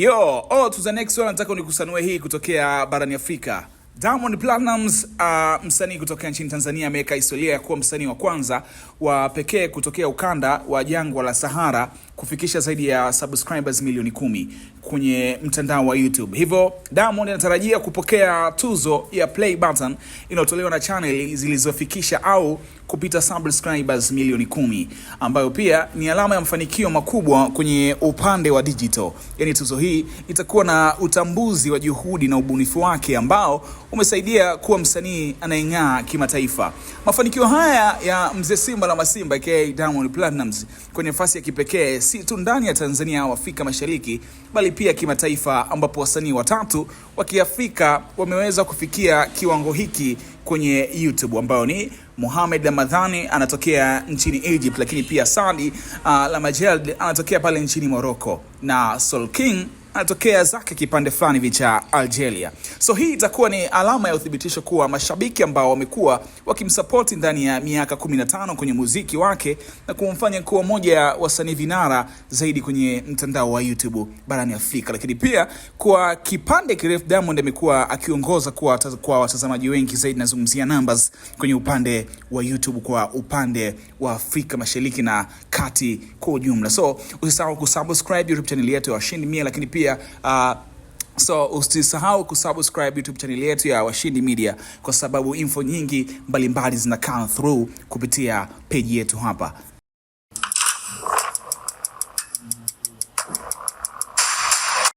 Yo, oh, to the next one nataka nikusanue hii kutokea barani Afrika. Diamond Platnumz uh, msanii kutokea nchini Tanzania ameweka historia ya kuwa msanii wa kwanza wa pekee kutokea ukanda wa jangwa la Sahara kufikisha zaidi ya subscribers milioni kumi kwenye mtandao wa YouTube. Hivyo Diamond anatarajia kupokea tuzo ya play button inayotolewa na channel zilizofikisha au kupita subscribers milioni kumi ambayo pia ni alama ya mafanikio makubwa kwenye upande wa digital. Yaani tuzo hii itakuwa na utambuzi wa juhudi na ubunifu wake ambao umesaidia kuwa msanii anayeng'aa kimataifa. Mafanikio haya ya mzee Simba la Masimba aka Diamond Platnumz kwenye nafasi ya kipekee si tu ndani ya Tanzania au Afrika Mashariki, bali pia kimataifa, ambapo wasanii watatu wa Kiafrika wameweza kufikia kiwango hiki kwenye YouTube ambayo ni Mohamed Ramadhani anatokea nchini Egypt, lakini pia Sadi uh, ah, Lamajeld anatokea pale nchini Morocco na Soul King anatokea zake kipande fulani hivi cha Algeria. So hii itakuwa ni alama ya uthibitisho kuwa mashabiki ambao wamekuwa wakimsapoti ndani ya miaka 15 kwenye muziki wake na kumfanya kuwa moja ya wasanii vinara zaidi kwenye mtandao wa YouTube barani Afrika, lakini pia kwa kipande kirefu Diamond amekuwa akiongoza kwa, kwa watazamaji wengi zaidi, nazungumzia numbers kwenye upande wa YouTube kwa upande wa Afrika Mashariki na Kati kwa ujumla. So usisahau kusubscribe YouTube channel yetu ya Washindi Mia, lakini pia pia uh, So usisahau kusubscribe YouTube channel yetu ya Washindi Media kwa sababu info nyingi mbalimbali zina come through kupitia page yetu hapa.